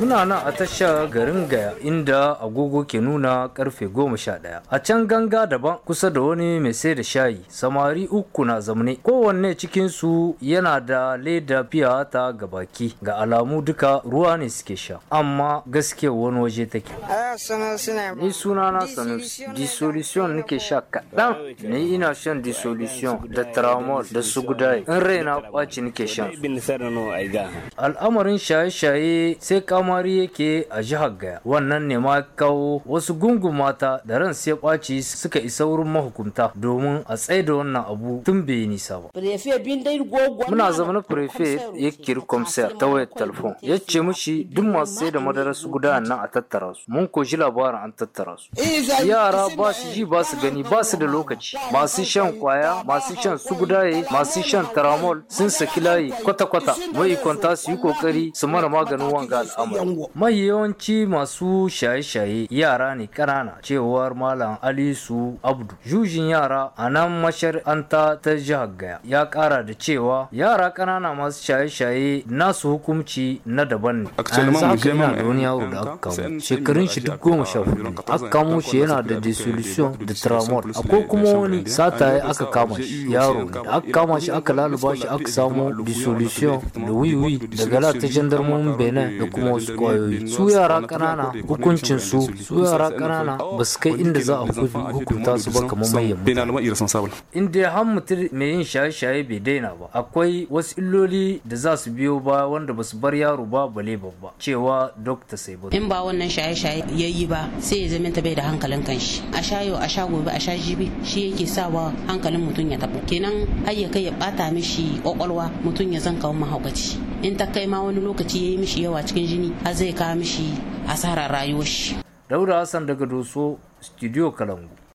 Muna nan a tasha garin Gaya inda agogo ke nuna karfe goma sha ɗaya. A can ganga daban kusa da wani mai sai da shayi samari uku na zamne. Kowanne cikinsu yana da leda fiya ta gabaki ga alamu duka ruwa ne suke sha. Amma gaske wani waje take. Ah, Ni suna na Dissolution nake sha kaɗan. Ni ina shan dissolution da tramol da sugudai. In raina ɓaci nake shan. Al'amarin shaye-shaye sai kamari yake a jihar Gaya. Wannan ne ma kawo wasu gungun mata da ran sai kwaci suka isa wurin mahukunta domin a tsaye da wannan abu tun bai nisa ba. Muna zama prefe ya kiri komsar ta wayar telefon. Ya ce mushi duk masu sai da madarar su guda nan a tattara su. Mun ko ji labarin an tattara su. Eh, Yara ba su ji ba su gani ba su da lokaci. Masu shan kwaya, masu shan su gudaye, masu shan taramol sun saki layi kwata-kwata. kwanta su yi kokari su mana maganin wanga al'amari mai yawanci masu shaye-shaye yara ne kanana cewar malam alisu abdu jujin yara a nan mashar'anta ta jihar gaya ya ƙara da cewa yara kanana masu shaye-shaye nasu hukumci na daban ne a yanzu haka yana da wani yaro da eh, aka eh, kamo eh, shekarun shi duk goma sha hudu aka kamo shi yana da dissolution da tramol akwai kuma wani sataye aka kama shi yaro da aka kama shi aka laluba aka samu dissolution da wiwi daga la jandarmomin bene da kuma wasu kwayoyi su yara ƙanana hukuncin su su yara ƙanana ba su kai inda za a hukunta su ba kamar manyan in dai har mutum mai yin shaye-shaye bai daina ba akwai wasu illoli da za su biyo ba wanda ba su bar yaro ba bale babba cewa dokta saibu in ba wannan shaye-shaye ya yi ba sai ya zama bai da hankalin kanshi a shayo a sha gobe a sha jibi shi yake sawa hankalin mutum ya tabu kenan har ya kai ya bata mishi kwakwalwa mutum ya zan kawo mahaukaci in ta kai ma wani lokaci ya yi mishi yawa cikin jini a zai kawo mishi asarar rayuwar shi. Daura Hassan daga Doso, Studio Kalangu.